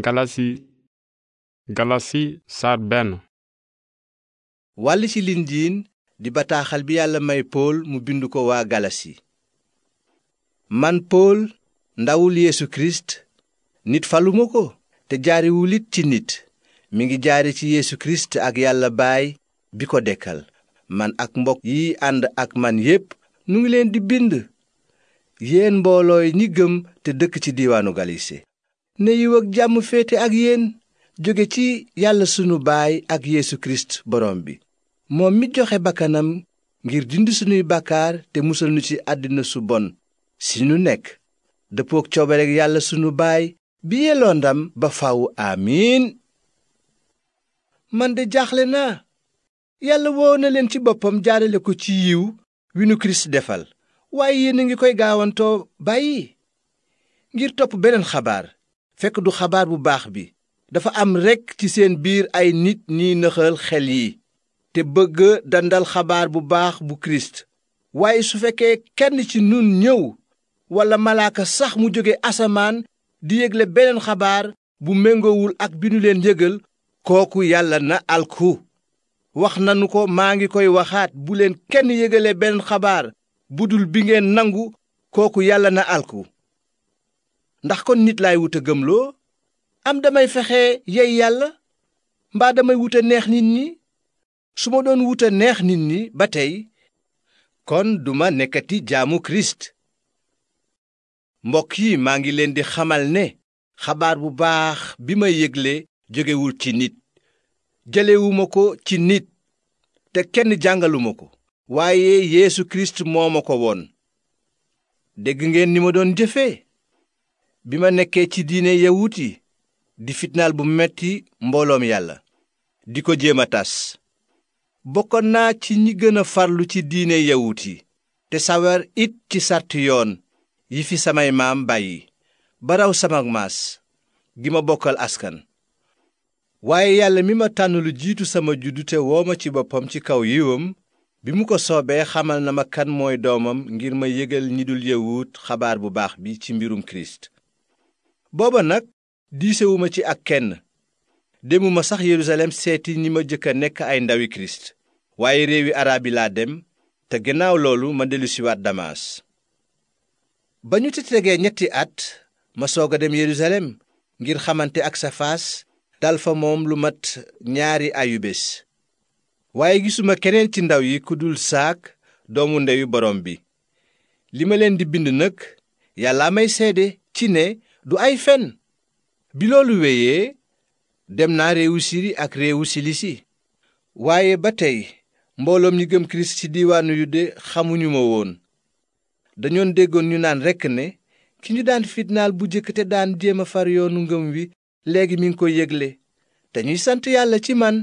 galasi galasi saar benn wàll ci lindiin di bataaxal bi yàlla may pool mu bind ko waa galasi man pool ndawul yeesu kirist nit faluma ko te jaariwul it ci nit mu ngi jaari ci yeesu kirist ak yàlla baay bi ko dekkal man ak mbokk yi ànd ak man yépp nu ngi leen di bind yéen mboolooy ñi gëm te dëkk ci diiwaanu galise ne yiw ak jàmm féete ak yéen jóge ci yàlla sunu baay ak Yeesu Kirist borom bi moom mi joxe bakkanam ngir dindi sunuy bàkkaar te musal nu ci àddina su bon si nu nekk dëppook coobareek yàlla sunu baay bi yelloo ndam ba faw amiin man de jaaxle naa yàlla woo na leen ci boppam jaarale ko ci yiw wi nu kirist defal waaye yéen a ngi koy gaawantoo bàyyi ngir topp beneen xabaar fekk du xabaar bu baax bi dafa am rekk ci seen biir ay nit ñiy nëxal xel yi te bëgg dandal xabaar bu baax bu kirist waaye su fekkee kenn ci nun ñëw walla malaaka sax mu jóge asamaan di yégle beneen xabaar bu méngowul ak bi ñu leen yégal kooku yàlla na alku wax nanu ko maa ngi koy waxaat bu leen kenn yégale beneen xabaar bu dul bi ngeen nangu kooku yàlla na alku ndax kon nit laay wut a gëmloo am damay fexe yey yàlla mbaa damay wut a neex nit ñi su ma doon wut neex nit ñi ba tey kon duma nekkati jaamu kirist mbokk yi maa ngi leen di xamal ne xabaar bu baax bi ma yégle jógewul ci nit jëlewuma ko ci nit te kenn jàngaluma ko waaye yéesu krist moo ma ko woon dégg ngeen ni ma doon jëfee bi ma nekkee ci diine yawut yi di fitnaal bu metti mbooloom yàlla di ko jéem a tas bokkoon naa ci ñi gën a farlu ci diine yawut yi te sawar it ci sarti yoon yi fi samay maam bàyyi baraw sama maas gi ma bokkal askan waaye yàlla mi ma tànn lu jiitu sama juddu te woo ma ci boppam ci kaw yiwam bi mu ko soobee xamal na ma kan mooy doomam ngir ma yégal ñi dul yawut xabaar bu baax bi ci mbirum kirist booba nag diisewuma ci ak kenn démuma sax Yerusalem seeti ñi ma jëkk a nekk ay ndawi Kirist waaye réewi araab yi laa dem te gannaaw loolu ma dellusiwaat Damas ba ñu ci tegee ñetti at ma soog a dem Yerusalem ngir xamante ak Safaas dal fa moom lu mat ñaari ayubés waaye gisuma keneen ci ndaw yi ku dul saak doomu ndeyu borom bi li ma leen di bind nag yàlla may seede ci ne du ay fen bi loolu weyee dem naa réewu siri ak réewu silisi waaye ba tey mbooloom ñi gëm kirist ci diiwaanu de xamuñu ma woon dañoon déggoon ñu naan rekk ne ki ñu daan fitnaal bu jëkk te daan jéem a far yoonu ngëm wi léegi mi ngi koy yégle te sant yàlla ci man